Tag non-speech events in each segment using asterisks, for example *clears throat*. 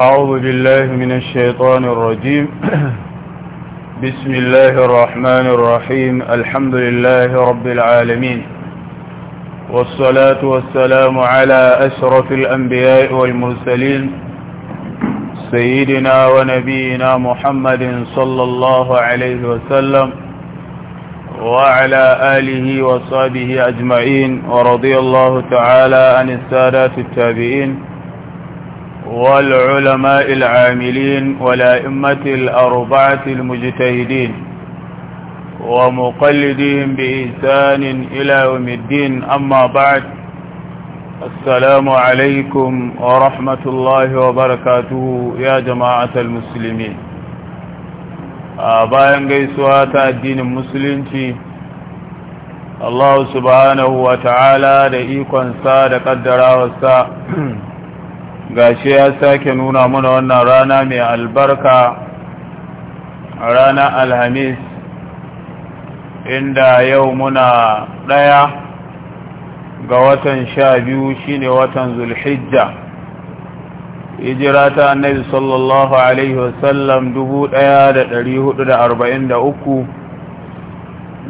أعوذ بالله من الشيطان الرجيم *clears throat* بسم الله الرحمن الرحيم الحمد لله رب العالمين والصلاة والسلام على أشرف الأنبياء والمرسلين سيدنا ونبينا محمد صلى الله عليه وسلم وعلى آله وصحبه أجمعين ورضي الله تعالى عن السادات التابعين والعلماء العاملين والأئمة الأربعة المجتهدين ومقلدهم بإحسان إلى يوم الدين أما بعد السلام عليكم ورحمة الله وبركاته يا جماعة المسلمين bayan gaisuwa ta addinin musulunci Allah subhanahu wa ta'ala da ikonsa da ƙaddarawarsa gashi ya sake nuna mana wannan rana mai albarka rana alhamis inda yau muna ɗaya ga watan sha biyu shine watan zulhijja Ijirata annabi sallallahu alaihi wasallam dubu ɗaya da ɗari da arba'in da uku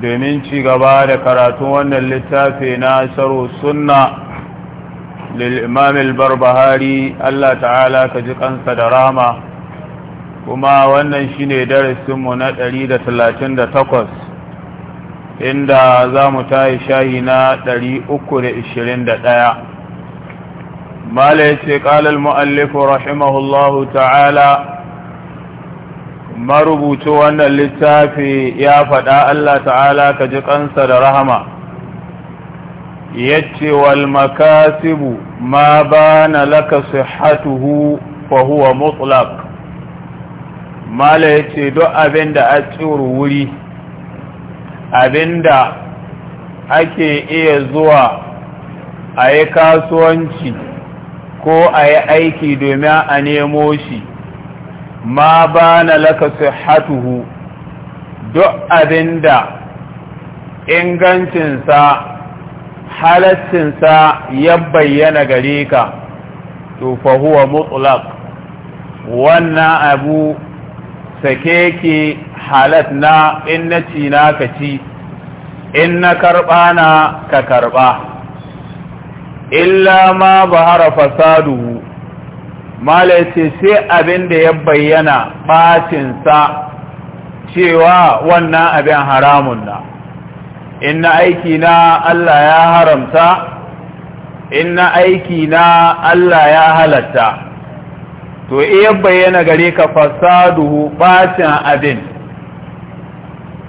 domin cigaba da karatun wannan littafi na saro sunna للإمام البربهاري الله تعالى كجقن صدراما كما وانا شيني درس منا تريد ثلاثين تقص عند زام تاي شاهنا تري أكل إشرين دايا ما ليس قال المؤلف رحمه الله تعالى marubuci wannan littafi ya faɗa Allah ta'ala ka ji kansa da rahama yace wal makasibu ma bana laka sihatuhu fa huwa mutlaq mala ce duk abinda a tsuru wuri abinda ake iya zuwa a yi kasuwanci ko a yi aiki domin a nemo shi ma bana laka sihatuhu duk abinda ingancinsa halaccinsa ya bayyana gare ka to fa huwa mutlaq wannan abu sake ke halat na in na ci na ka ci in na karɓa na ka karɓa illa ma bahara fasadu mala sai abin da ya bayyana bacinsa cewa wannan abin haramun na in na aiki na Allah ya haramta in na aiki na Allah ya halatta to iya bayyana gare ka fasaduhu bacin abin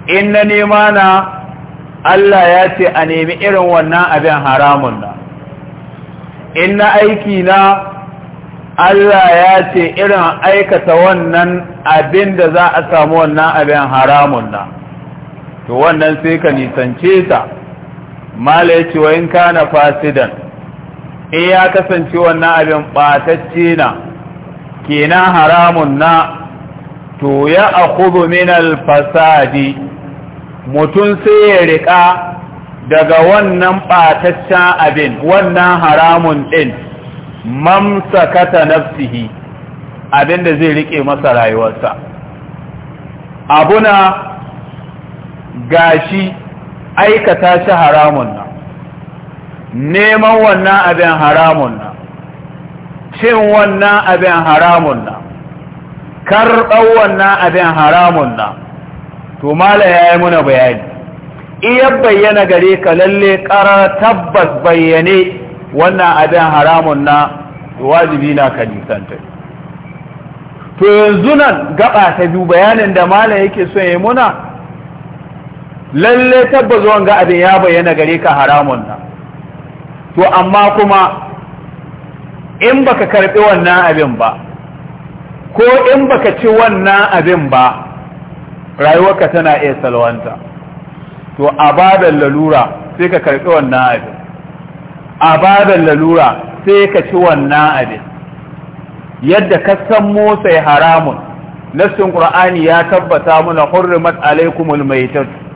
in na Allah ya ce a nemi irin wannan abin haramun na in na aiki na Allah ya ce irin aikata wannan abin da za a samu wannan abin haramun na to wannan sai ka nisance ta mala ya ce wa in na fasidan in ya kasance wannan abin batacce na kenan haramun na to ya kudu minal fasadi, mutum sai ya riƙa daga wannan ɓataccen abin wannan haramun ɗin mamsakata nafsihi abin da zai riƙe masa rayuwarsa abuna gashi aikata shi haramun nan, neman wannan abin haramun nan, cin wannan abin haramun nan, karɓar wannan abin haramun nan, to mala ya yi muna bayani iya bayyana gare ka lalle ƙarar tabbas bayyane wannan abin haramun na wajibi na ka nisanta to yanzu nan gaba ta biyu bayanin da mala yake son ya muna lalle tabbas wanga abin ya bayyana gare ka haramun nan to amma kuma in baka karbi wannan abin ba ko in baka ci wannan abin ba rayuwarka tana iya salwanta to a babar lalura sai ka karbi wannan abin a babar lalura sai ka ci wannan abin yadda ka san motsa haramun nassin qur'ani ya tabbata mana hurrimat alaikumul maitatu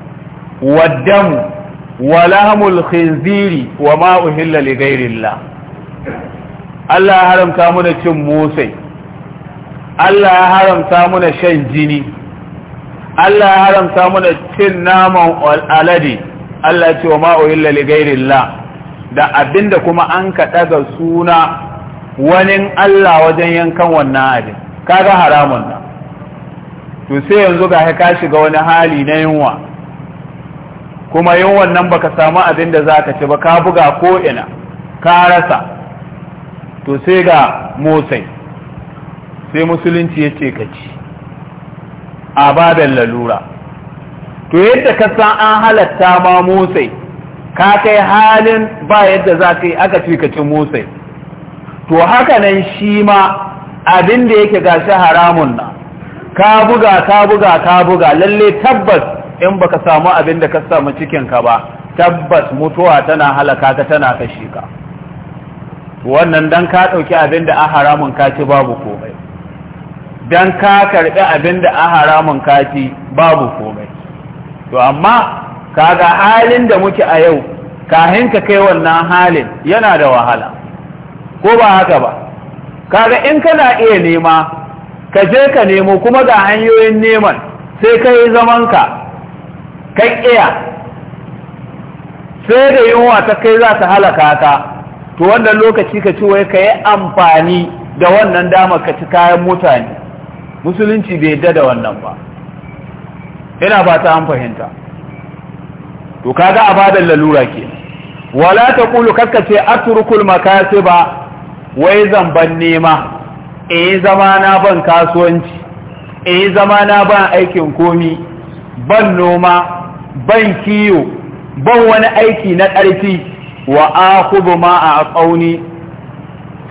والدم ولهم الخنزير وما أهل لغير الله الله هرم تامنا تشم موسي الله هرم تامنا شن جني الله هرم تامنا تشن نام والألدي الله وما أهل لغير الله da abinda kuma an ka daga suna wani Allah wajen yankan wannan abin kaga haramun nan to sai yanzu ga ka shiga wani hali na yunwa kuma yin wannan baka samu abin da za ka ci ba ka buga ko ina ka rasa to sai ga motsai sai musulunci ya ce ka ci a babin lalura to yadda ka san an halatta ma motsai ka kai halin ba yadda za ka yi aka ci ka ci motsai to haka nan shi ma abin da yake gashi haramun na ka buga ka buga ka buga lalle tabbas in baka samu abin da ka samu cikinka ba tabbas mutuwa tana halaka ka tana kashe ka wannan dan ka ɗauki abin da a haramun kaci babu komai dan ka karɓi abin da a haramun kaci babu komai to amma kaga halin da muke a yau kahin ka kai wannan halin yana da wahala ko ba haka ba kaga in kana iya nema ka je ka nemo kuma ga hanyoyin neman sai ka yi zamanka kai iya sai da yunwa ta kai za ta halaka ka to wannan lokaci ka ci wai ka yi amfani da wannan dama ka ci kayan mutane musulunci bai yadda da wannan ba ina ba ta an fahimta to kaga badan lalura ke wala ta kulu ce turkul makasi ba wai zamban nema eh zama na ban kasuwanci eh zama na ban aikin komi ban noma ban kiyo ban wani aiki na ƙarfi wa akhudhu ma a tsauni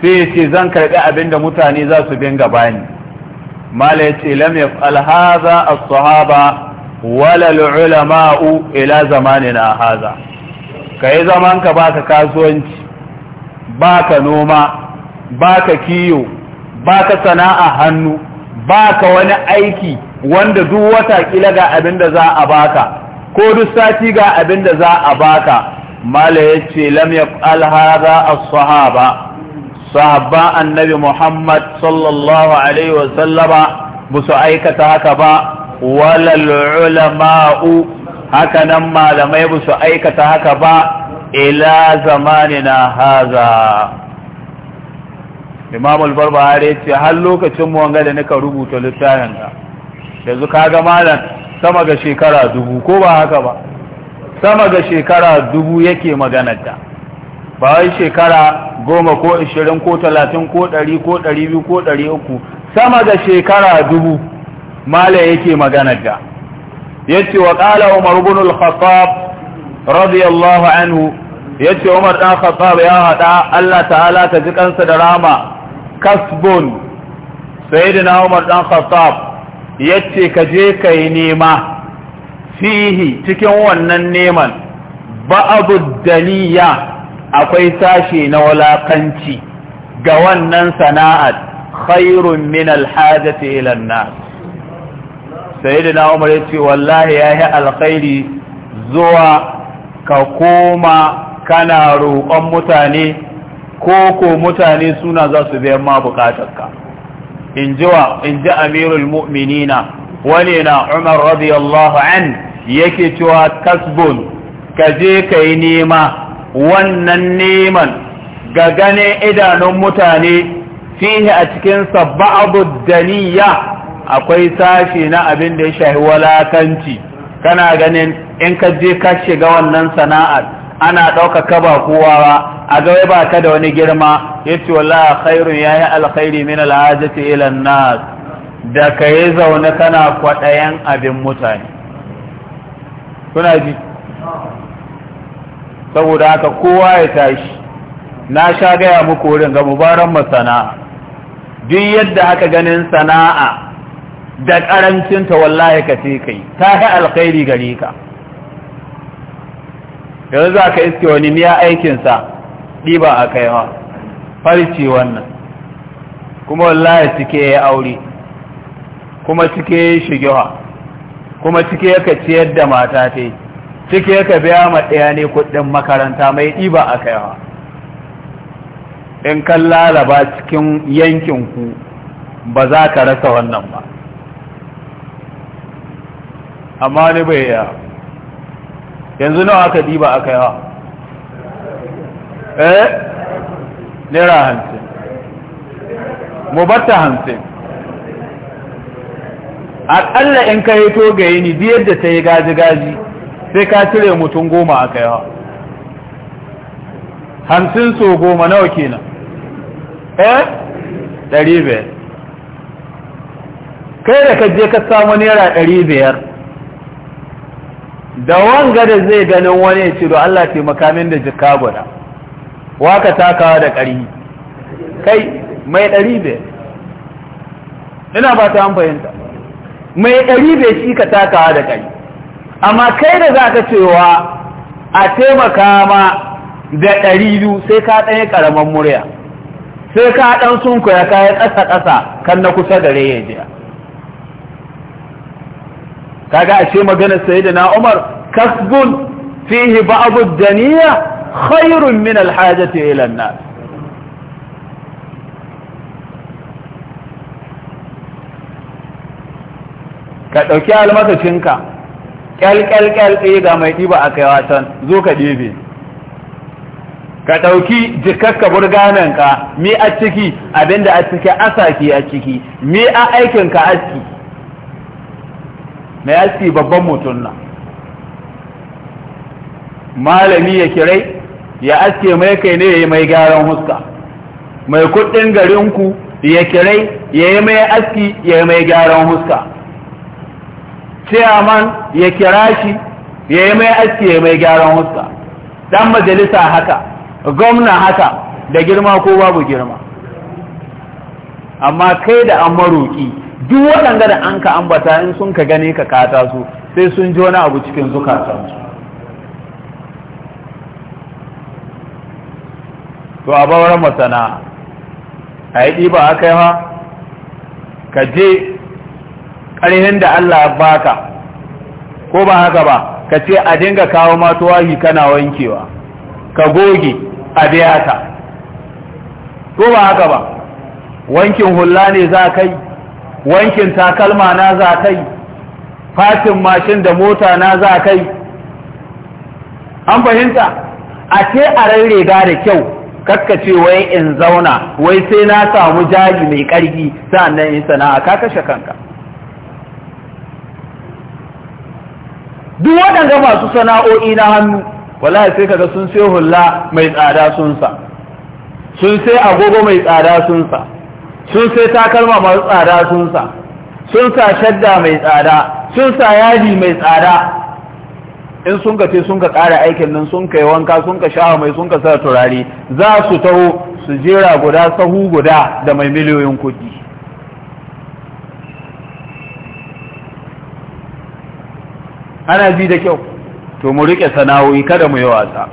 sai ce zan karɓi abin da mutane za su dinga bani mala yace lam yaf'al hadha as-sahaba wala al-ulama'u ila zamanina hadha kai zaman ka baka kasuwanci baka noma baka kiyo baka sana'a hannu baka wani aiki wanda duk wata kila ga abin da za a baka ko duk sati ga abin da za a baka mala ce lam yaf'al hadha as-sahaba sahabba annabi Muhammad sallallahu alaihi wa sallama busu aikata haka ba walal ulama'u haka nan malamai busu aikata haka ba ila zamanina haza imam al-barbahari ya ce har lokacin mu wanga da nika rubuta littafin ka yanzu kaga malam sama ga shekara dubu ko ba haka ba sama ga shekara dubu yake maganarta ba wai shekara goma ko ishirin ko talatin ko ɗari ko ɗari biyu ko ɗari uku sama ga shekara dubu mala yake maganarta ce wa ƙala umar bin al-khattab radiyallahu anhu ya ce umar dan khattab ya haɗa Allah ta'ala ta ji kansa da rama kasbun sayyidina umar dan khattab yace ka je ka nema fihi cikin wannan neman ba'abu daniya akwai sashi na walakanci ga wannan sana'at khairun min alhajati ila nas sayyidina Umar yace wallahi yayi alkhairi zuwa ka koma kana roƙon mutane ko ko mutane suna za su biyan ma bukatarka in ji amirul mu'minina wani na umar radiyallahu an yake cewa kasbun ka je ka yi nema wannan neman ga gane idanun mutane fihi a cikin ba'abu daniya akwai sashi na abin da ya shahi walakanci kana ganin in ka je ka shiga wannan sana'ar ana ɗaukaka ba kowa ba a ga ba ka da wani girma yace wallahi khairun yayi alkhairi min alhajati ila nas da kai zaune kana kwadayan abin mutane kuna ji saboda haka kowa ya tashi na sha gaya muku wurin ga mubaran masana duk yadda aka ganin sana'a da ƙarancinta wallahi ka ce kai ta yi alkhairi gare ka yanzu za ka iske wani niya aikinsa ɗiba a kaiwa farci wannan kuma wallahi cike ya aure kuma cike ya shigewa kuma cike ya ciyar da mata ta cike ya ka biya ma ɗaya ne kuɗin makaranta mai ɗiba a kaiwa in kan lalaba cikin yankinku ba za ka rasa wannan ba amma ni bai yanzu nawa aka ɗiba a kaiwa eh naira hamsin mubatta hamsin aƙalla in ka yi togaye ni biyar da ta yi gaji-gaji sai ka cire mutum goma a kaiwa hamsin so goma nawa kenan eh ɗari biyar kai da ka je ka samu naira ɗari biyar da wanga da zai ganin wani ya ce do Allah taimaka makamin da jikka guda waka takawa da ƙari kai mai ɗari bai ina ba ta fahimta mai ɗari bai shi ka takawa da ƙari amma kai da za ka cewa a taimaka ma da ɗari biyu sai ka ɗaya ƙaramin murya sai ka ɗan sun ka kayan ƙasa-ƙasa kan na kusa gare ya jiya kaga ce maganar na Umar kasbun fihi ba'd ad-daniya Kairin min alhajati ila nas ka ɗauki almakacinka ƙyalƙyalƙyal ɗaya ga mai ɗiba a kai wasan zo ka ɗebe ka ɗauki jikakka burgananka mi a ciki abinda a ciki asaki a ciki mi a aikinka aski mai aski babban mutum na malami ya kirai ya aske mai kai ne ya yi mai gyaran huska mai kuɗin garinku ya kirai ya yi mai aski ya yi mai gyaran huska ciyaman ya kira shi ya yi mai aski ya yi mai gyaran huska dan majalisa haka gwamna haka da girma ko babu girma amma kai da an maroƙi duk waɗanda da an ka ambata in sun ka gane ka kata su sai sun ji wani abu cikin zukatansu to a bawar masana a yi ɗiba a kai ma ka je ƙarhin da Allah baka ko ba haka ba ka ce a dinga kawo matuwahi kana wankewa ka goge a biya ka ko ba haka ba wankin hula ne za kai wankin takalma na za kai fatin mashin da mota na za kai an fahimta a ce a rarrega da kyau ce wai in zauna wai sai na samu jari mai ƙarfi sa'annan in sana'a ka kashe kanka duk waɗanda masu sana'o'i na hannu wallahi sai kaga sun sai hulla mai tsada sun sa sun sai agogo mai tsada sun sa sun sai takalma masu tsada sun sa sun sa shadda mai tsada sun sa yadi mai tsada in sun ka ce sun ka ƙara aikin nan sun ka yi wanka sun ka sha mai sun ka sa turare za su taho su jera guda sahu guda da mai miliyoyin kuɗi ana ji da kyau to mu riƙe sana'o'i kada mu yi wasa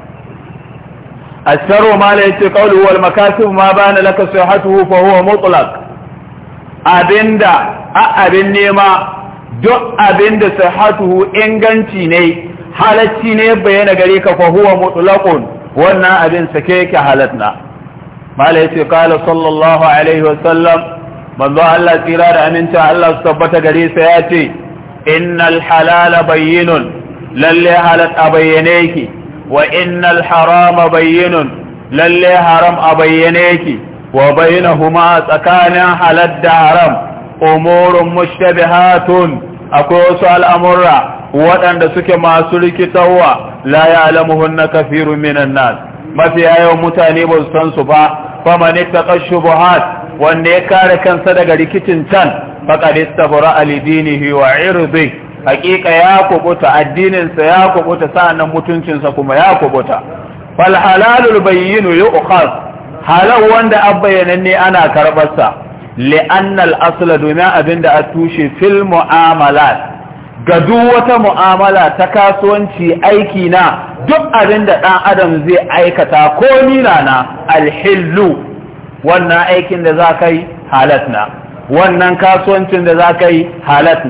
asaro mala yace qawlu wal makasib ma bana laka sihatuhu fa huwa mutlaq abinda a abin nema duk abinda sihatuhu inganci ne halacci ne bayyana gare ka fa huwa mutlaqun wannan abin sake yake halatna mala yace qala sallallahu alaihi wa sallam manzo Allah tsira da aminta Allah su tabbata gare sa yace innal halala bayyinun lalle halat a bayyane wa innal harama bayyinun lalle haram a bayyane wa bainahuma tsakanin halal da haram umurun mushtabihatun akwai wasu al'amurra waɗanda suke masu rikitarwa la ya'lamuhun na kafirun minan nas mafiya yawan mutane ba su san su ba ta ittaqa shubuhat wanda ya kare kansa daga rikicin can faqad istabra alidinihi wa irdi Hakika ya kubuta Addininsa ya kubuta sa'annan mutuncinsa kuma ya kubuta fal halalul bayyinu yu'khaz halal wanda abbayanan ne ana karbarsa li'annal asla domin abinda a tushe fil mu'amalat ga duk wata mu'amala ta kasuwanci aiki na duk abin da ɗan adam zai aikata ko nina na alhillu wannan aikin da za ka yi na. wannan kasuwancin da za ka yi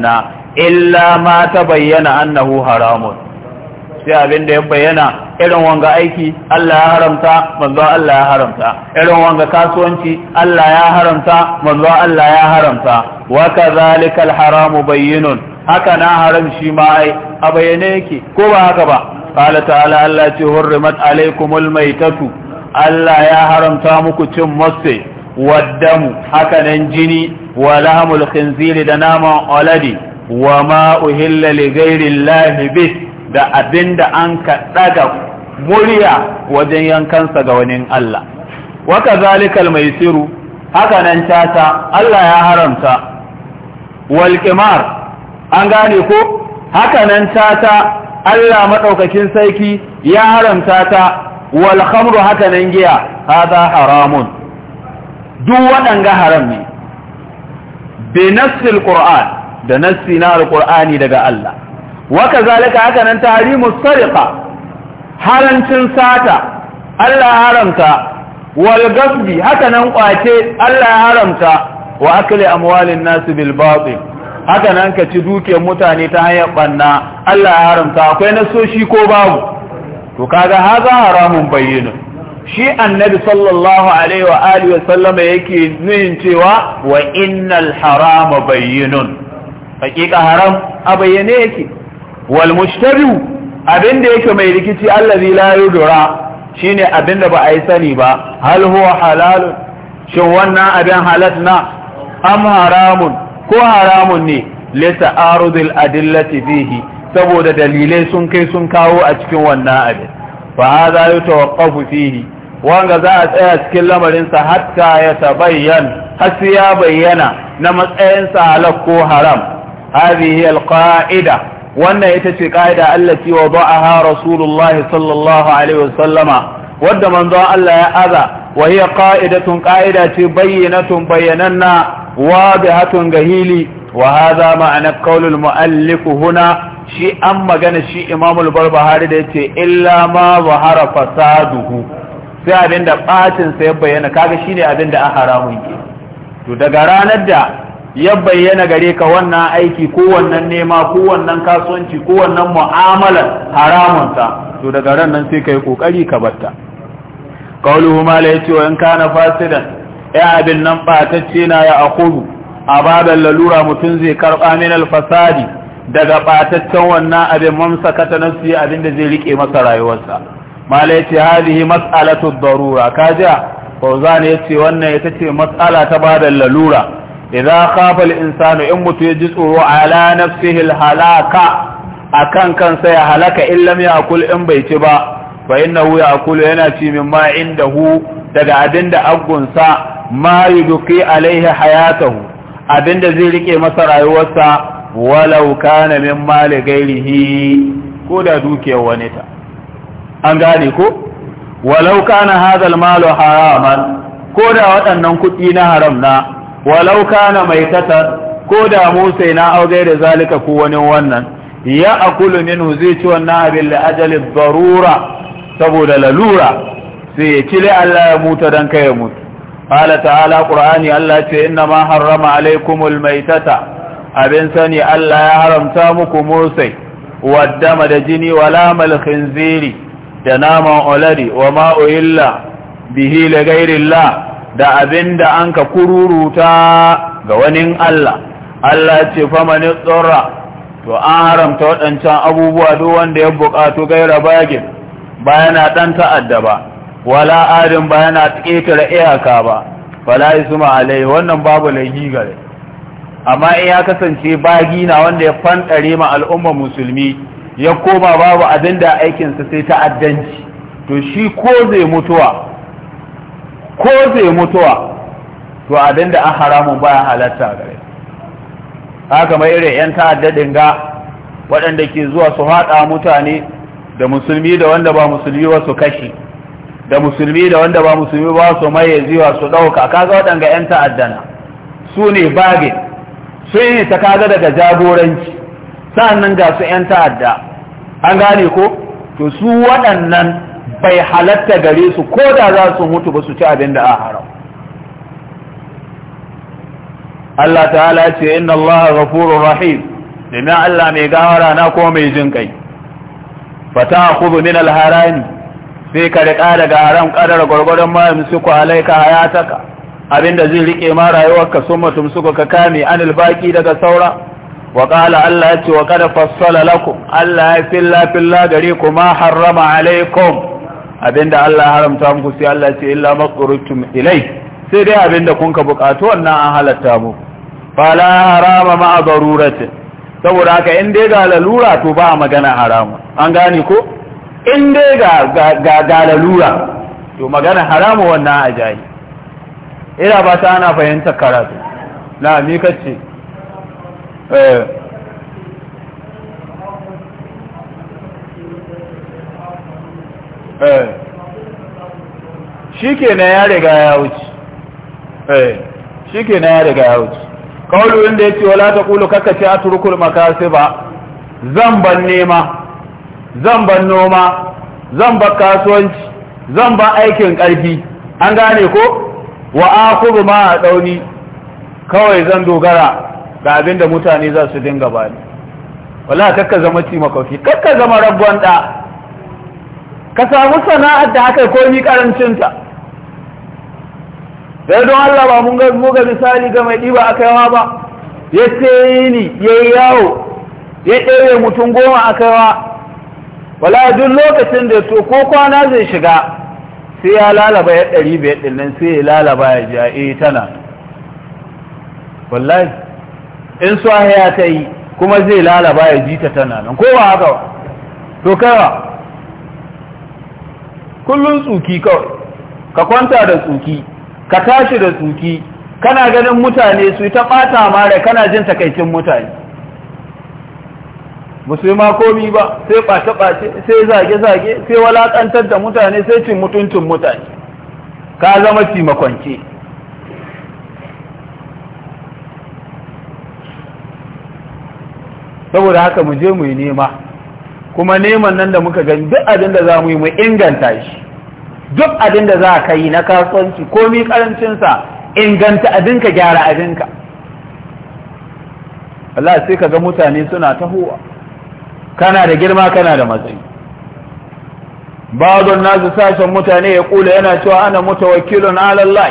na illa ma ta bayyana annahu haramun sai abin da ya bayyana irin wanga aiki Allah ya haramta manzo Allah ya haramta irin wanga kasuwanci Allah ya haramta manzo Allah ya haramta wa kadhalika haramu bayyinun haka na haram shi ma ai a bayyane yake ko ba haka ba qala ta'ala Allah ce hurrimat alaikumul maitatu Allah ya haramta muku cin masse waddamu haka nan jini wa lahmul khinzir da naman aladi wa ma uhilla li ghairi bis da abinda an ka daga murya wajen yankansa ga wani Allah waka zalikal maisiru haka nan tata Allah ya haramta wal qimar an gane ko haka nan tata Allah maɗaukakin sarki ya haramta ta wal khamru haka nan giya hada haramun duk waɗanga haram ne bi nassil qur'an da nassi na alqur'ani daga Allah wa kazalika haka nan tahrimus sariqa harancin sata Allah haramta wal gasbi haka nan kwace Allah haramta wa akli amwalin nas bil batil haka nan ka ci dukiyar mutane ta hanyar banna Allah ya haramta akwai nasoshi ko babu to kaga haza haramun bayyana shi annabi sallallahu alaihi wa alihi sallama yake nuhin cewa wa innal harama bayyinun hakika haram a bayyane yake wal mushtabihu abinda yake mai rikici allazi la yudra shine abinda ba a yi sani ba hal huwa shin wannan abin halar na am haramun ko haramun ne lita arudil adillati fihi saboda dalilai sun kai sun kawo a cikin wannan abin fa hadha yatawaqqafu fihi wanga za a tsaya cikin lamarin sa hatta ya tabayyan har ya bayyana na matsayin sa halal ko haram hadhihi alqa'ida wannan ita ce ka'ida Allah ci wa sallallahu alaihi wasallama wadda manzon Allah ya aza wa hiya qa'idatun qa'ida ce bayyinatun bayyananna wadihatun ga hili wahaza ma'ana qaulul mu'allif huna shi an magana shi imamul barbahari da yace illa ma zahara fasaduhu sai abinda bacin sa ya bayyana kaga shine da a haramun ke to daga ranar da ya bayyana gare ka wannan aiki ko wannan nema ko wannan kasuwanci ko wannan mu'amalar haramunsa to daga ran nan sai ka yi kokari ka batta qauluhu ma la yati wa in kana fasidan ya abin nan ɓatacce na ya akudu a babar lalura mutum zai karɓa min alfasadi daga ɓataccen wannan abin mamsaka ta nafsi abin da zai rike masa rayuwarsa mala yace hadihi mas'alatu darura kaja ya yace wannan ita ce mas'ala ta babar lalura idza khafa al-insanu in mutu ji tsoro ala nafsihi halaka akan kansa ya halaka illam ya in bai ci ba fa innahu ya yana ci min ma indahu daga abin da aggunsa ma yuduki alaihi hayatahu abin da zai rike masa rayuwarsa walau kana min mali gairihi ko da dukiyar wani ta an gane ko walau kana hadal malu haraman ko da waɗannan kuɗi na haram na walau kana mai tatar ko da musa na auge da zalika ko wani wannan ya akulu minhu zai ci wannan abin la ajalin darura saboda lalura sai ya cire Allah ya mutu dan kai ya mutu qala ta'ala ƙur'ani Allah ce inna ma harrama alaikumul maitata abin sani Allah ya haramta muku musai waddama da jini wala mal khinziri da naman olari wa ma uhilla bihi li ghairillah da abin da an ka kururuta ga wani Allah, Allah ce famani tsorra, to an haramta waɗancan abubuwa duk wanda ya buƙatu gaira bagin ba yana ɗan ta'adda ba, wala adin ba yana ƙetare iyaka ba wala isma alai wannan babu laifi gare amma in ya kasance bagi na wanda ya fanɗare ma al'umma musulmi ya koma babu abin da aikinsa sai ta'addanci to shi ko zai mutuwa ko zai mutuwa to abin da an haramun baya halatta gare haka mai irin 'yan ta'addadin ga waɗanda ke zuwa su haɗa mutane da musulmi da wanda ba musulmi ba su kashi da musulmi da wanda ba musulmi ba su maye ziwa su ɗauka kaga waɗanga 'yan ta'addana su ne bagin sun yi ta kaga daga jagoranci sa'annan ga su 'yan ta'adda an gane ko to su waɗannan bai halatta gare su ko da za su mutu ba su ci abin da a haram Allah ta'ala ce inna Allah ghafurur rahim Allah mai gawara na ko mai jin kai fata khudhu min al-harami sai ka riƙa daga haram ƙadar gwargwadon ma yamsuku alaika abin abinda zai riƙe ma rayuwarka sun mutum su ka kame anil baki daga saura wa qala Allah ya ce wa qad fassala lakum Allah ya filla filla gare ku ma harrama alaikum abinda Allah ya haramta muku sai Allah ya ce illa maqrutum ilai sai dai abinda kun ka buƙatu, wannan an halatta mu fala harama ma darurati saboda haka in dai ga lalura to ba magana haramu an gane ko in dai ga ga lalura to magana haramu wannan a jahi ina ba ta ana fahimtar karatu na mi kace eh eh shikenan ya riga ya wuce eh shikenan ya riga ya wuce kaulu inda yace wala a kakkace atrukul makasiba zan ban nema zan ban noma zan ba kasuwanci zan ba aikin ƙarfi an gane ko wa akuru ma a ɗauni kawai zan dogara da abin da mutane za su dinga bani wala kakka zama cimakauki kakka zama rabuwan ɗa ka samu sana'ar da haka komi karancinta sai don Allah ba mun ga muga misali ga mai ɗiba a kaiwa ba ya sayi ni ya yi yawo ya ɗaya mutum goma a kaiwa wala duk lokacin da to ko kwana zai shiga sai ya lalaba ya ɗari biyar ɗin nan sai ya lalaba ya ji a eh, tana wallahi in su ya ta yi kuma zai lalaba ya ji ta tana nan ko ba haka ba to kawa kullum tsuki kawai ka kwanta da tsuki ka tashi da tsuki kana ganin mutane su ta ɓata mara kana jin takaicin mutane musulma komi ba sai ɓace-ɓace sai zage-zage sai walaƙantar da mutane sai cin mutuncin mutane ka zama cimakonke. saboda haka mu je mu yi nema kuma neman nan da muka gani duk abin da za mu yi mu inganta shi duk abin da za ka yi na kasuwanci komi karancinsa inganta abinka gyara abinka Allah sai ka ga mutane suna tahowa kana da girma kana da matsayi bazon nasu sashen mutane ya kula yana cewa ana mutawakkilun ala Allah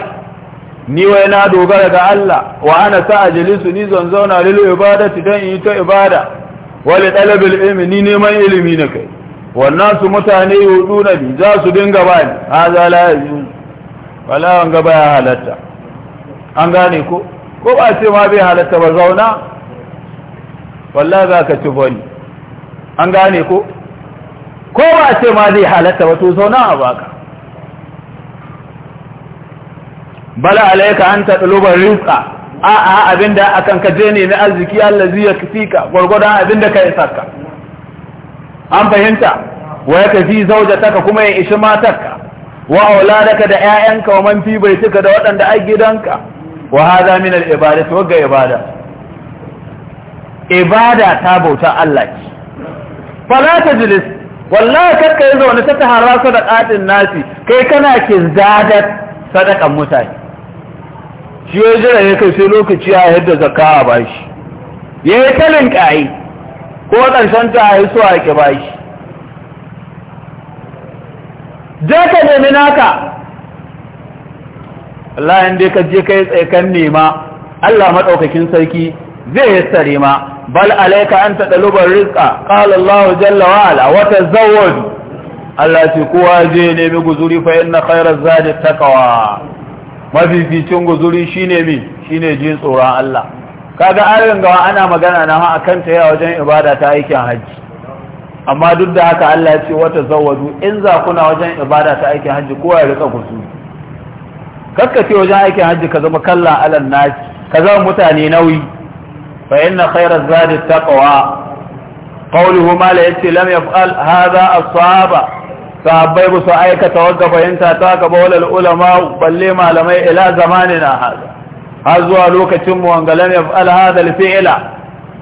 ni wai na dogara ga Allah wa ana sa'ajlisu ni zan zauna lil ibadati dan yi ta ibada wal talabil ilmi ni neman ilimi na kai wannan su mutane na bi za su dinga bani haza la yuzun wala gaba ya halatta an gane ko ko ba ce ma bai halatta ba zauna wallahi za ka ci bani an gane ko ko ba a ce ma zai halatta ba to zauna a baka bala alaika an ta ɗalubar rinsa a a abinda akan ka je ne na arziki allazi ya kifika abin abinda ka isa ka an fahimta wa ya ka kafi zaujataka kuma ya ishi matarka wa auladaka da 'ya'yanka wa man fi bai cika da waɗanda a gidanka wa haza min al wa ga ibada ibada ta bauta Allah fala ta jilis wallahi ka yi zaune ta tahara sadaqatin nasi kai kana ke zadat sadakan mutane shi ya jira ya kai sai lokaci ya yadda zakka a bashi ya yi kalin ƙayi ko ƙarshen ta a yi so a ƙi bashi je ka nemi naka Allah in ka je kai tsaye kan nema Allah maɗaukakin sarki zai yassare ma bal alaika an taɗalubar rizqa qala Allah jalla wa ala wa tazawwaj Allah ce kowa je nemi guzuri fa inna khairaz zadi taqwa mafificin guzuri shine mi shine jin tsoron Allah kaga ayoyin gawa ana magana na ha akan ta yawa wajen ibada ta aikin hajji amma duk da haka Allah ya ce wata zawwaju in za kuna wajen ibada ta aikin hajji kowa ya rika kusu kakkace wajen aikin hajji ka zama kallan alan nasi ka zama mutane nauyi فإن خير الزاد التقوى قوله ما ليتي لم يفعل هذا الصحابة صحابي بسعيك توقف انت تاقب ولا العلماء بل ما لمي إلى زماننا هذا هزوا لوك تم وانق لم يفعل هذا الفعل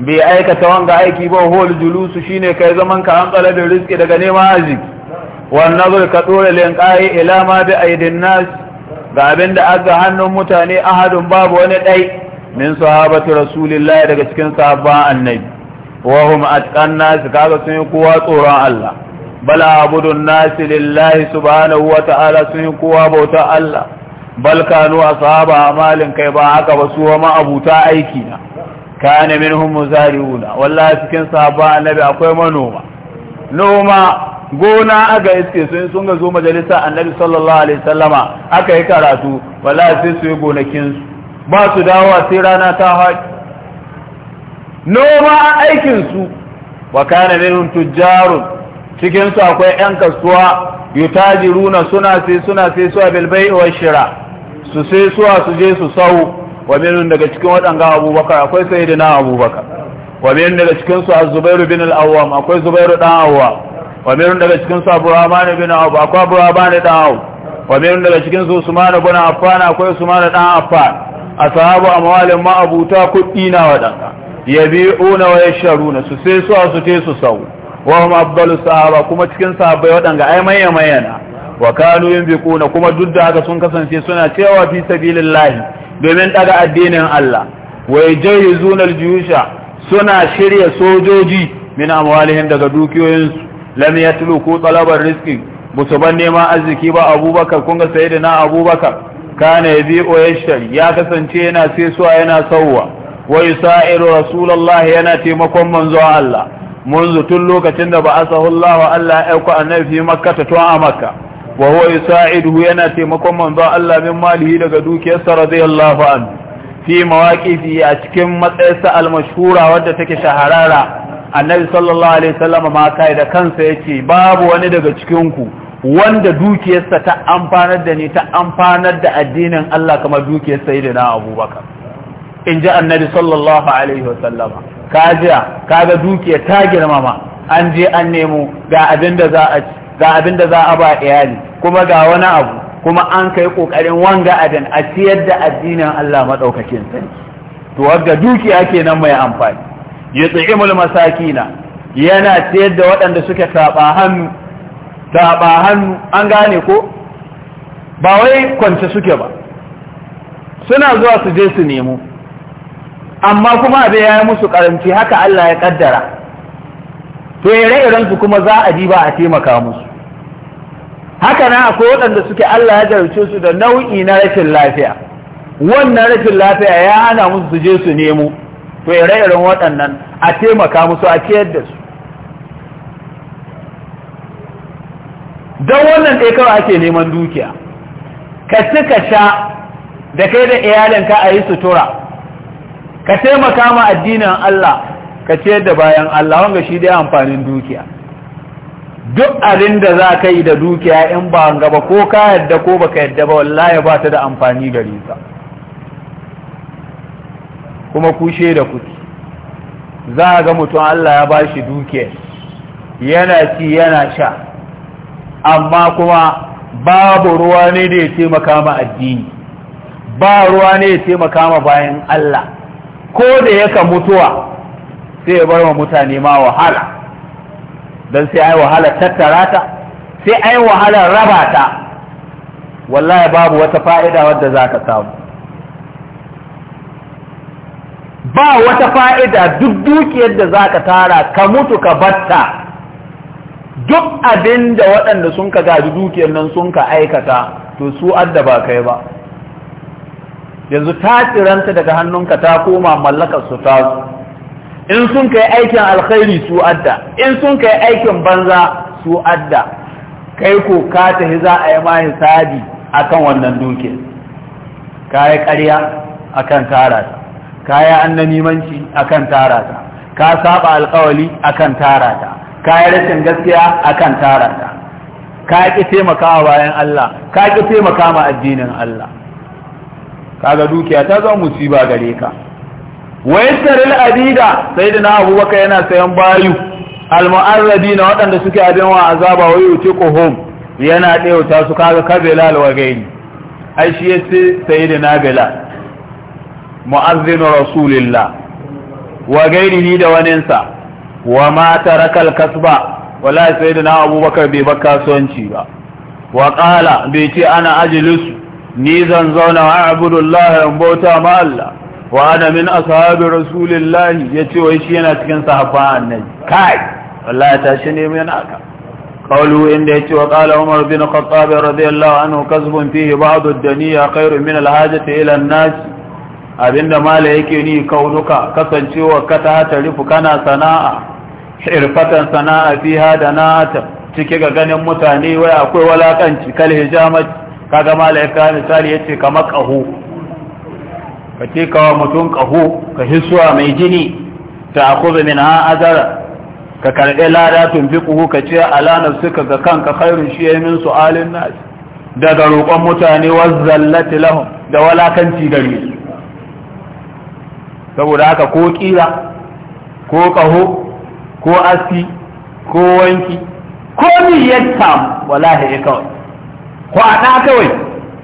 بأيك توانق أيكي بو هو الجلوس شيني كي زمن كأنقل بالرزق دقني ما أزيك والنظر كطول لينقاي إلى ما بأيدي الناس ga abin da aga hannun mutane ahadun babu wani ɗai min sahabati rasulillahi daga cikin sahabban annabi wa hum atqan nas kaga sun yi kowa tsoron Allah bal abudun nas lillahi subhanahu wa ta'ala sun yi kowa bauta Allah bal kanu asaba amalin kai ba haka ba su ma abuta aiki na kana minhum muzariuna wallahi cikin sahabban annabi akwai manoma noma gona aka iske sun sun ga zo majalisa annabi sallallahu alaihi sallama aka yi karatu wala sai su yi gonakinsu ba su dawa sai rana ta haƙi noma aikinsu wa kana minhum tujjarun Cikinsu akwai yan kasuwa yutajiruna suna sai suna sai su bil bai'i wa shira su sai suwa su je su sau wa minhum daga cikin waɗanga abubakar akwai sayyidina abubakar wa minhum daga cikin su az-zubairu bin al-awwam akwai zubairu dan awwa wa minhum daga cikin su abdurrahman bin awf akwai abdurrahman dan awf wa minhum daga cikin su usman bin affan akwai usman dan affan ashabu amwalin ma abuta kuɗi na waɗanda una wa yasharuna su sai su su te su sau wa hum sahaba kuma cikin sahabbai waɗanda ai manya mayana wa kanu yunfiquna kuma duk da haka sun kasance suna cewa fi sabilillahi domin daga addinin Allah wa yajayizuna aljuyusha suna shirya sojoji min amwalihim daga su lam yatluku ku talabar rizqi musu ban neman arziki ba abubakar kun ga sayyidina abubakar kana yabi'u yashari ya kasance yana sesuwa yana sauwa wa yusairu rasulullah yana taimakon manzo Allah منذ tun lokacin da ba'athahu Allah Allah ya aika annabi fi Makka tun a Makka wa huwa yusaiduhu yana taimakon manzo Allah min malihi daga dukiyarsa radiyallahu anhu fi mawaqifi a cikin matsayinsa al-mashhura wadda take shaharara annabi sallallahu alaihi wasallam ma kai da kansa yace babu wani daga cikin ku wanda dukiyarsa ta amfanar da ni ta amfanar da addinin Allah kamar dukiyar sayyidina Abubakar in ji annabi sallallahu alaihi wasallama ka ga dukiya ta girmama an je an nemo ga abin da za a ga abin da za a ba iyali kuma ga wani abu kuma an kai kokarin wanga adan a ciyar da addinin Allah madaukakin sarki to wanda dukiya kenan mai amfani yut'imul masakina yana ciyar da waɗanda suke saba hannu da ba hannu an gane ko ba wai kwance suke ba suna zuwa su je su nemo amma kuma abin ya yi musu karanci haka Allah ya kaddara to ire-iren su kuma za a ba a taimaka musu haka na akwai waɗanda suke Allah ya jarce su da nau'i na rashin lafiya wannan rashin lafiya ya ana musu su je su nemo to ire-iren waɗannan a taimaka musu a ciyar da su don wannan ɗaya kawai ake neman dukiya ka ci ka sha da kai da iyalinka a yi sutura ka taimaka ma addinin Allah ka ce da bayan Allah wanga shi dai amfanin dukiya duk abin da za ka yi da dukiya in ba gaba ko ka yadda ko ba ka yadda ba wallahi ba ta da amfani gare ka kuma kushe da kuɗi za ga mutum Allah ya ba shi dukiya yana ci yana sha amma kuma babu ruwa ne da ya taimaka ma addini ba ruwa ne ya taimaka ma bayan Allah ko da yaka mutuwa sai ya bar wa mutane ma wahala don sai ai wahala tattara ta sai ai wahala raba ta wallahi babu wata fa'ida wadda za ka samu ba wata fa'ida duk dukiyar da za ka tara ka mutu ka batta duk abin da waɗanda sun ka gaji dukiyar nan sun ka aikata to su adda ba kai ba yanzu ta tsiranta daga hannunka ta koma mallakar su ta in sun kai aikin alkhairi su adda in sun kai aikin banza su adda kai ko ka yi za a yi ma hisabi akan wannan dukiyar yi ƙarya akan tara ta kaya annanimanci akan tara ta ka saba alkawali akan tara ta ka yi rashin gaskiya a kan tararta. ka ki taimakawa bayan Allah ka ki taimaka ma addinin Allah kaga dukiya ta zama musiba gare ka wa yastaril adida na abubakar yana sayan bayu almu'arrabi na waɗanda suke abin wa azaba wa wuce kohom yana ɗewata su kaga ka belal wa gaini ai shi yace na bela mu'azzin rasulillah wa gaini ni da waninsa wa ma tarakal kasba wallahi sayyidina abubakar bai bar kasuwanci ba wa qala bai ce ana ajlisu ni zan zauna wa abudullah in bauta ma Allah wa ana min ashabi rasulillahi yace wai shi yana cikin sahabban annabi kai wallahi tashi ne mai naka قالوا إن ديتي وقال عمر بن الخطاب رضي الله عنه كذب فيه بعض الدنيا خير من الحاجة إلى الناس abinda mala yake ni kaunuka kasancewa ka ta hatarifu kana sana'a irfatan sana'a fi da nata cike ga ganin mutane wai akwai walakanci kal hijama kaga malaika misali yace kamar qahu ka kawo mutum qahu ka hiswa mai jini ta min minha azara ka karbe lada tun tunfiquhu ka ce ala nafsika ga kanka khairun shi yayin su alin nas daga roƙon mutane wazzallati lahum da walakanci gare su saboda haka ko kira ko qahu ko aski ko wanki ko ni ya samu wallahi ya kawai ko a kawai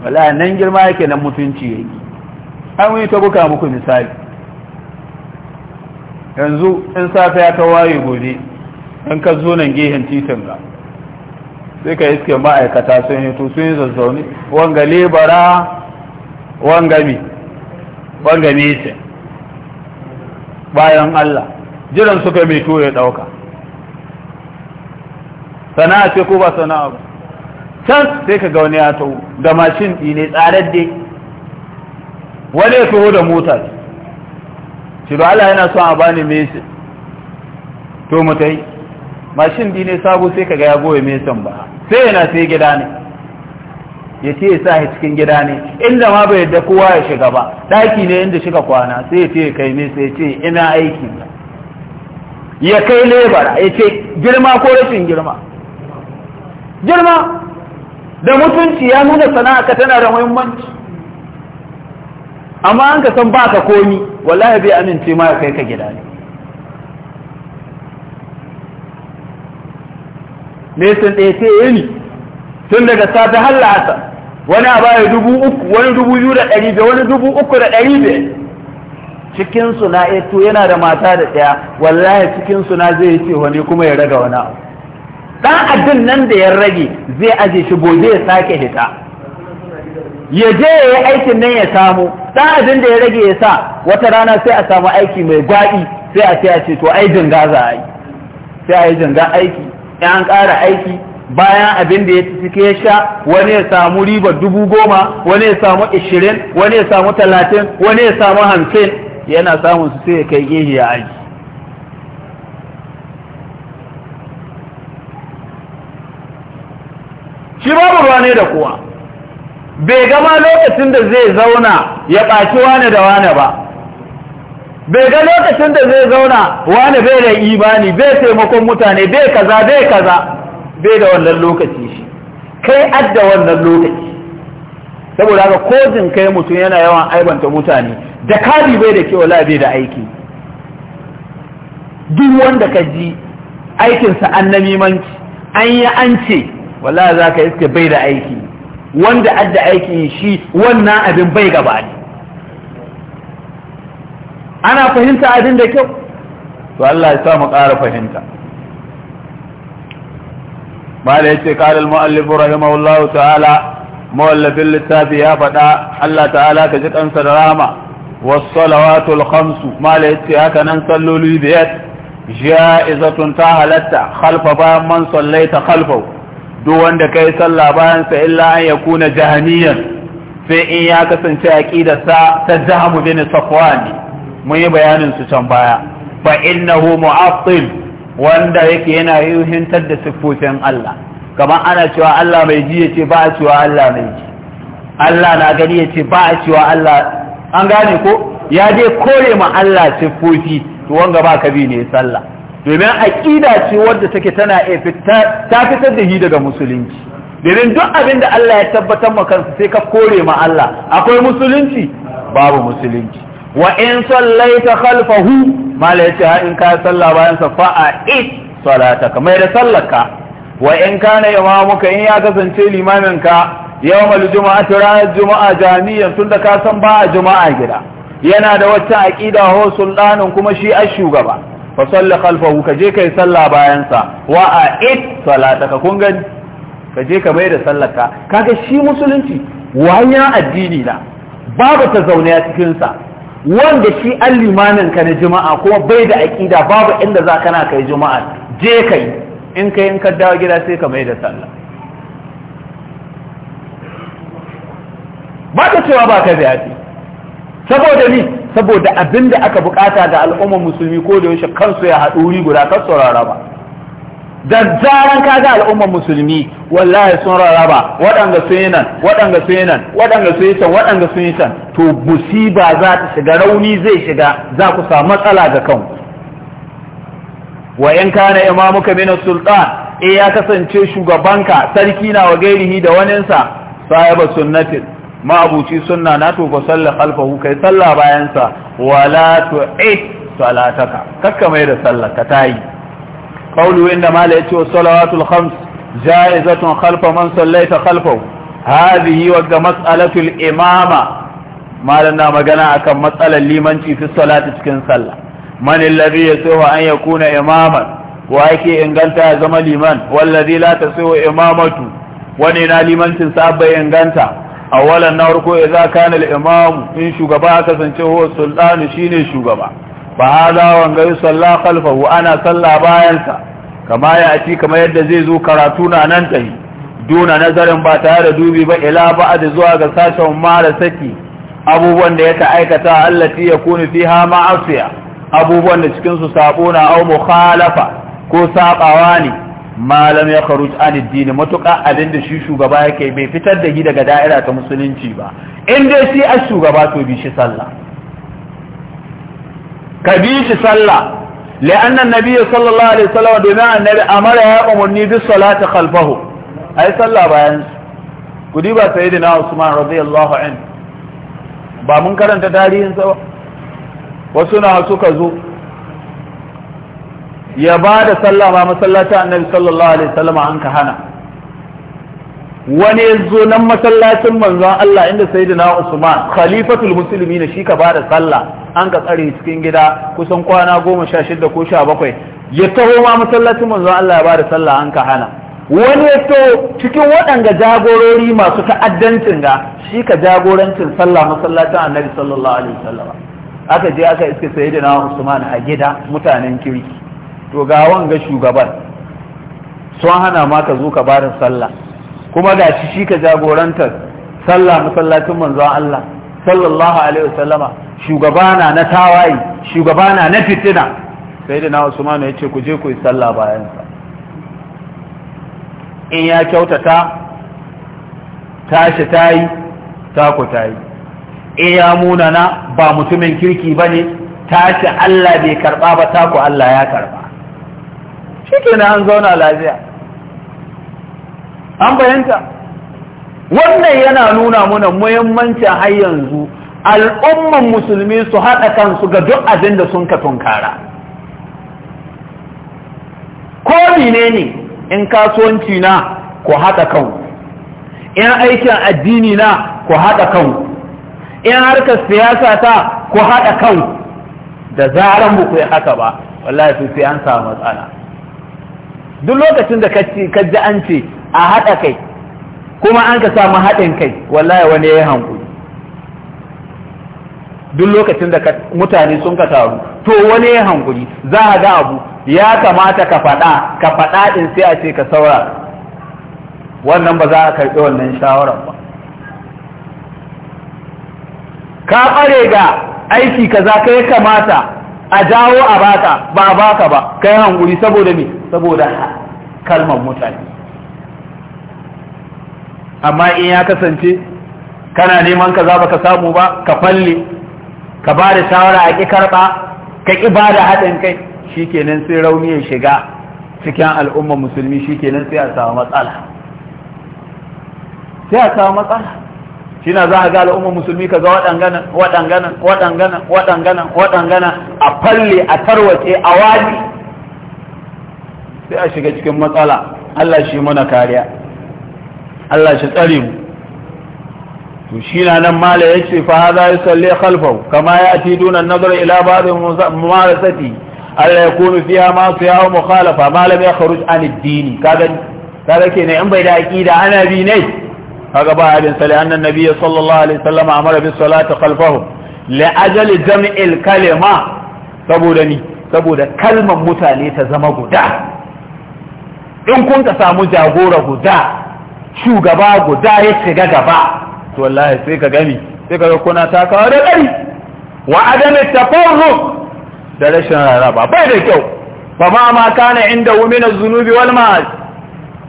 wallahi nan girma yake nan mutunci yake an yi ta buka muku misali yanzu in safe ya ta waye gobe in ka zo nan gehen titin ga sai ka iske ma'aikata sun to sun yi zazzauni wanga lebara wanga mi wanga mece bayan Allah jiran suka mai tuwo ya ɗauka sana'a ce ko ba sana'a ba can sai ka ga wani ya tau da mashin ɗi ne tsarar dai wani ya tuwo da mota ce da Allah yana son a bani mesin to mu yi. mashin ɗi ne sabo sai ka ga ya goye mesin ba sai yana sai gida ne ya ce ya sa shi cikin gida ne inda ma bai yadda kowa ya shiga ba ɗaki ne inda shiga kwana sai ya ce ya kai ne sai ya ce ina aiki ba ya kai lebara ya ce girma ko rashin girma girma da mutunci ya nuna sana'a ka tana da muhimmanci amma an ka san ba ka komi wallahi bai amince ma ya kai ka gida ne nesan ɗaya ce yini eh tun daga sata har la'asa wani a baya dubu uku wani dubu biyu da ɗari biyar wani dubu uku da ɗari biyar cikin su na eto yana da mata da ɗaya wallahi cikin su na zai yi wani kuma ya raga wani dan addin nan da ya rage zai aje shi gobe ya sake hita ya je ya yi aikin nan ya samu dan abin da ya rage ya sa wata rana sai a samu aiki mai gwaɗi sai a ce a ce to ai jinga za a yi sai a yi jinga aiki in an ƙara aiki bayan abin da ya cike ya sha wani ya samu riba dubu goma wani ya samu ishirin wani ya samu talatin wani ya samu hamsin yana samun su sai ya kai gehe ya aji shi babu ruwa ne da kowa bai gama lokacin da zai zauna ya ɓaci wane da wane ba bai ga lokacin da zai zauna wane bai da imani bai taimakon mutane bai kaza bai kaza bai da wannan lokaci shi kai adda wannan lokaci saboda haka kojin kai mutum yana yawan aibanta mutane da kari bai da kyau wala bai da aiki duk wanda ka ji aikinsa an namimanci an yi an ce wallahi za ka iske bai da aiki wanda adda aiki shi wannan abin bai gaba ne ana fahimta abin da kyau to Allah ya sa mu ƙara fahimta mala yace qala al rahimallahu rahimahullahu mawallafin littafi ya faɗa Allah ta'ala ka ji kansa da rama wasalawatul khamsu mala yace haka nan salloli biyar ja'izatun ta halatta khalfa bayan man sallaita khalfa duk wanda kai sallah bayan sa illa an yakuna jahaniyan sai in ya kasance aqidar sa ta jahamu bin safwan mun yi bayanin su can baya fa innahu mu'attil wanda yake yana yuhintar da sifofin Allah kamar ana cewa Allah mai ji ya ce ba a cewa Allah mai ji Allah na gani ya ce ba a cewa Allah an gane ko ya je kore ma Allah sifofi to wanga ba ka bi ne sallah domin aqida ce wanda take tana ta fitar da hi daga musulunci domin duk abin da Allah ya tabbatar ma kansa sai ka kore ma Allah akwai musulunci babu musulunci wa in sallaita khalfahu mala yace in ka sallah bayan sa fa'a it salata kamar da sallarka wa in kana imamuka in ya kasance limamin ka yawmal Juma'a, ranar juma'a jami'an tunda ka san ba a juma'a gida yana da wata aqida ho sultanin kuma shi a shugaba fa salli khalfahu ka je kai sallah bayan sa wa a it salataka kun gani ka je ka bai da sallarka kaga shi musulunci wanya addini na babu ta zaune a cikin sa wanda shi al limanin ka na juma'a kuma bai da aqida babu inda za kana kai juma'a je kai in kai in ka dawo gida sai ka mai da sallah ba ta cewa ba ka ziyarci saboda ni saboda abin da aka bukata ga al'ummar musulmi ko da yaushe kansu ya haɗu wuri guda kan su raraba da zaran ka ga al'ummar musulmi wallahi sun raraba waɗanda sun yi nan waɗanda sun yi nan waɗanda sun yi can waɗanda sun yi can to musiba za ta shiga rauni zai shiga za ku samu matsala ga kanku wa in kana imamuka min sultan eh ya kasance shugabanka sarki na wa gairihi da waninsa sahiba sunnatin abuci sunna na to fa salla khalfahu kai salla bayan sa wala tu'id salataka kakka mai da sallar ka tayi qawlu inda mala yace salawatul khams jaizatun khalfa man sallaita khalfahu hadhihi wa mas'alatul imama malan na magana akan matsalar limanci fi salati cikin sallah man alladhi yasihu an yakuna imaman wa yake inganta ya zama liman wallazi la tasihu imamatu wani na limancin sa inganta awalan na farko idza kana al imamu. in shugaba aka zance huwa sultanu shine shugaba Ba hada wa ngai salla ana salla bayan sa kama ya ci kama yadda zai zo karatu na nan tahi duna nazarin ba tare da dubi ba ila da zuwa ga sashen mara saki abubuwan da ya ta aikata ya yakunu fiha ma'asiya abubuwan da cikinsu sabo na au mukhalafa ko saɓawa ne malam ya kharuj an addini matuƙa abin da shi shugaba yake bai fitar da shi daga da'ira ta musulunci ba in dai shi a shugaba to bi shi sallah ka bi shi sallah لأن النبي صلى الله عليه وسلم دماء النبي أمر يا أمرني بالصلاة خلفه أي صلى بيان قديبا سيدنا عثمان رضي الله عنه ba mun karanta tarihin sa wasu na suka zo ya ba da sallah ba masallacin annabi sallallahu alaihi wasallam an ka hana wani zo nan masallacin manzon Allah inda sayyidina Usman khalifatul muslimin shi ka ba da sallah an ka tsare cikin gida kusan kwana goma sha shida ko sha bakwai ya taho ma masallacin manzon Allah ya ba da sallah an ka hana wani ya to cikin waɗanda jagorori masu ta'addancin ga shi ka jagorancin sallah masallacin annabi sallallahu alaihi wasallam aka je aka iske sayyidina usman a gida mutanen kirki to ga wanga shugaban sun hana ma ka zo ka barin sallah kuma ga shi shi ka jagorantar sallah masallacin manzon Allah sallallahu alaihi wasallama shugabana na tawayi shugabana na fitina sayyidina usman ya ce ku je ku yi sallah bayan sa in ya kyautata tashi tayi taku tayi e ya munana ba mutumin kirki ba ne ta ce Allah bai karɓa ba ta ku Allah ya karɓa shi an zauna lafiya an bayanta wannan yana nuna muna muhimmancin har yanzu al'umman musulmi su haɗa kansu ga duk abin da sun ka tunkara ko ne ne in kasuwanci na ku haɗa kanku in aikin addini na ku haɗa kanku in harkar siyasa ta ku haɗa kan da zaran mu ku yi haka ba wallahi su sai an samu matsala duk lokacin da ka ji an ce a haɗa kai kuma an ka samu haɗin kai wallahi wani ya yi hankuli duk lokacin da mutane sun ka taru to wani ya hankuli za a ga abu ya kamata ka faɗa ka faɗa ɗin sai a ce ka saura wannan ba za a karɓi wannan shawarar ba ka ƙware ga aiki kaza kai kamata a jawo a baka ba baka ba kai hankuri saboda me saboda kalmar mutane amma in ya kasance kana neman kaza baka samu ba ka falle ka ba da shawara a ƙi karɓa ka ƙi ba da haɗin kai shikenan sai rauni ya shiga cikin al'ummar musulmi shikenan sai a samu matsala sai a samu matsala shine za a ga al'ummar musulmi kaga waɗangana waɗangana waɗangana waɗangana waɗangana a falle a tarwace a wadi sai a shiga cikin matsala Allah shi mana kariya Allah shi tsare mu to shi na nan mala yace fa hadha yusalli khalfahu kama yati duna an-nazar ila ba'd mumarasati alla yakunu fiha ma siyahu mukhalafa ma lam yakhruj an ad-din kaga kaga kenan in bai da aqida ana bi ne kaga ba hadin sa li'anna nabiyyi sallallahu alaihi wasallam amara bis salati khalfahum li'ajali jam'il kalima saboda ni saboda kalmar mutane ta zama guda in kun ka samu jagora guda shugaba guda ya shiga gaba to wallahi sai ka gani sai ka ga kuna takawa da ƙari wa adami tafarruq da rashin raraba bai da kyau fa ma ma kana inda min az-zunubi wal ma'asi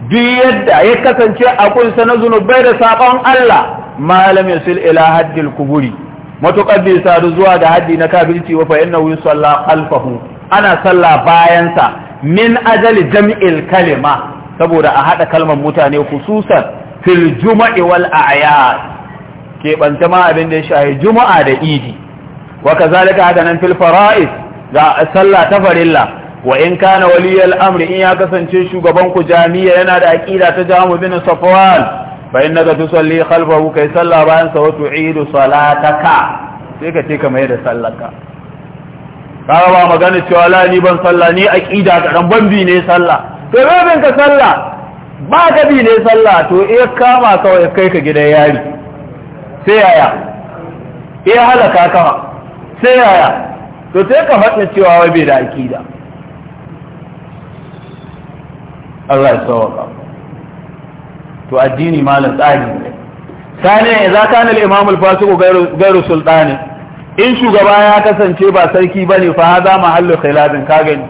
duk yadda ya kasance a kunsa na zunubai da sabon Allah malam yasil ila haddil kuburi matuƙar bai sadu zuwa da haddi na kafirci wa fa innahu yusalla alfahu ana sallah bayan sa min ajali jam'il kalima saboda a hada kalmar mutane khususan fil juma'i wal a'yad ke banta ma abin da ya shahi juma'a da idi wa kazalika hada nan fil fara'is ga sallah ta farilla wa in kana waliyal amri in ya kasance shugaban ku jami'a yana da aqida ta jamu bin safwan fa innaka tusalli khalfahu kai salla bayan sa wa tu'idu salataka sai ka ce kamar da sallarka kaga ba magana cewa la ni ban sallah ni aqida ga ran ban bi ne sallah to rabin ka sallah ba ka bi ne sallah to eh kama kawai kai ka gidan yari sai yaya eh halaka kama sai yaya to sai ka fata cewa wai bai da aqida Allah ya sauka to addini malam tsari ne sani idza kana al-imam al-fasiq gairu sultani in shugaba ya kasance ba sarki bane fa hada mahallu khilafin ka gani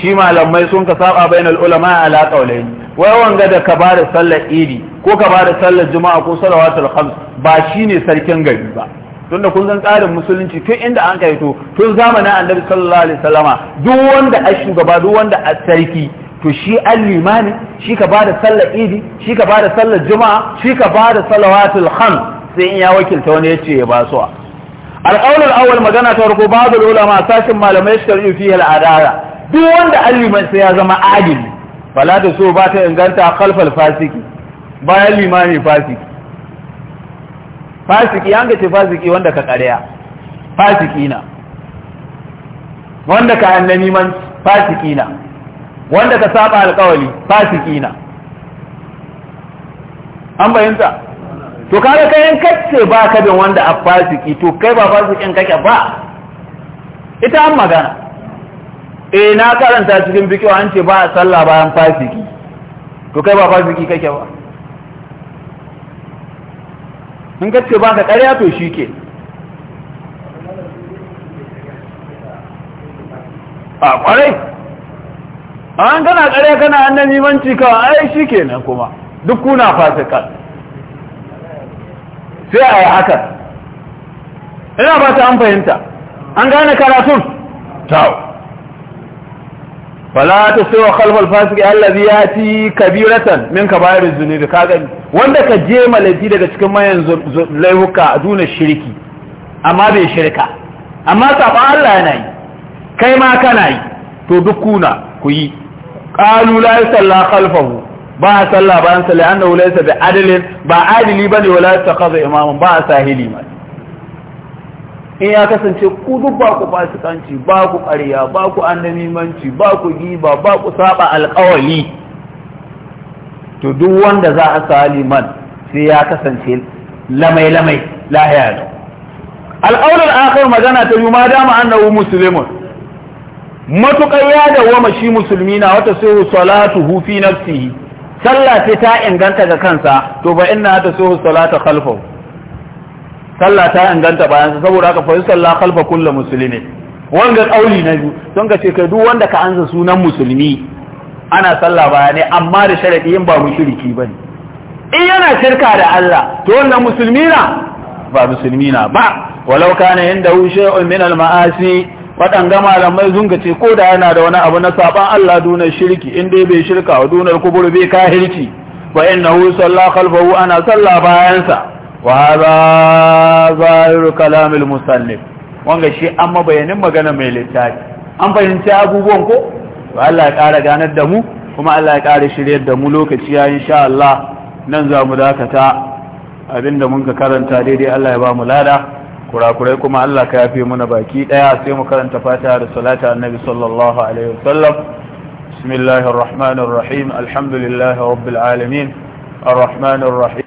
shi malamai sun ka saba bainal ulama ala qawlayn wai wanga da ka bada sallar idi ko ka bada sallar juma'a ko salawatul khams ba shine sarkin gari ba tunda kun san tsarin musulunci tun inda an kai to tun zamanin annabi sallallahu alaihi wasallama duk wanda a shugaba duk wanda a sarki to shi an limani shi ka bada sallar idi shi ka bada sallar juma'a shi ka bada salawatul kham sai in ya wakilta wani yace ya basuwa al-qawl awwal magana ta farko babu ulama sashin malamai shari'u fihi al-adala duk wanda an liman sai ya zama adili fala da so ba ta inganta khalfal fasiki bayan limami fasiki fasiki an ce fasiki wanda ka ƙarya fasiki na wanda ka annani man fasiki na wanda ka saba alkawali fasiki na an bayanta to kaga kai in kace ba ka bin wanda a fasiki to kai ba fasikin kake ba ita an magana eh na karanta cikin bikiwa an ce ba a sallah bayan fasiki to kai ba fasiki kake ba in kace ba ka ƙarya to shi ke a ƙwarai an kana ƙarya kana annabi manci kawai ai shi kenan kuma duk kuna fasika sai a yi hakan ina ba ta an fahimta an gane karatun tau fala ta sai wa khalfal Allah ya yati kabiratan min kaba'ir zunubi ka gani wanda ka je malafi daga cikin mayan laihuka a duna shirki amma bai shirka amma safa Allah yana yi kai ma kana yi to duk kuna ku yi qalu la yusalla khalfahu ba a salla bayan sa li'annahu laysa bi ba adili bane wala yastakhadha imaman ba sahili ma in ya kasance ku duk ba ku fasikanci ba ku ƙarya ba ku annamimanci ba ku giba ba ku saba alƙawali to duk wanda za a sa liman sai ya kasance lamai lamai lahiya da alƙawlar magana ta yi ma dama annabu musulman. matukar ya dawwama shi musulmi na wata salatu hu fi nafsihi sallah ce ta inganta ga kansa to ba inna ta sihu salata khalfa sallah ta inganta bayansa saboda haka fa sallah khalfa kullu muslimi wanga kauli na biyu don ka ce ka duk wanda ka anza sunan musulmi ana sallah bayanai amma da sharadi in ba mushriki bane in yana shirka da Allah to wannan musulmi na ba musulmi na ba walau kana inda shay'un min al-ma'asi faɗan waɗanga malamai zunga ce ko da yana da wani abu na saban Allah dunar shirki in dai bai shirka wa dunar kubur bai kahirci fa innahu salla khalfahu ana salla bayansa wa hadha zahir kalam al musannif wanga shi amma bayanin magana mai littafi an fahimci abubuwan ko to Allah ya ƙara ganar da mu kuma Allah ya ƙara shiryar da mu lokaci ya insha Allah nan za mu dakata abinda mun ka karanta daidai Allah ya ba mu lada kurakurai kuma Allah ka yafe muna baki daya sai mu karanta fatiha da salata annabi sallallahu alaihi wasallam bismillahir rahmanir rahim alhamdulillahi rabbil alamin الرحمن الرحيم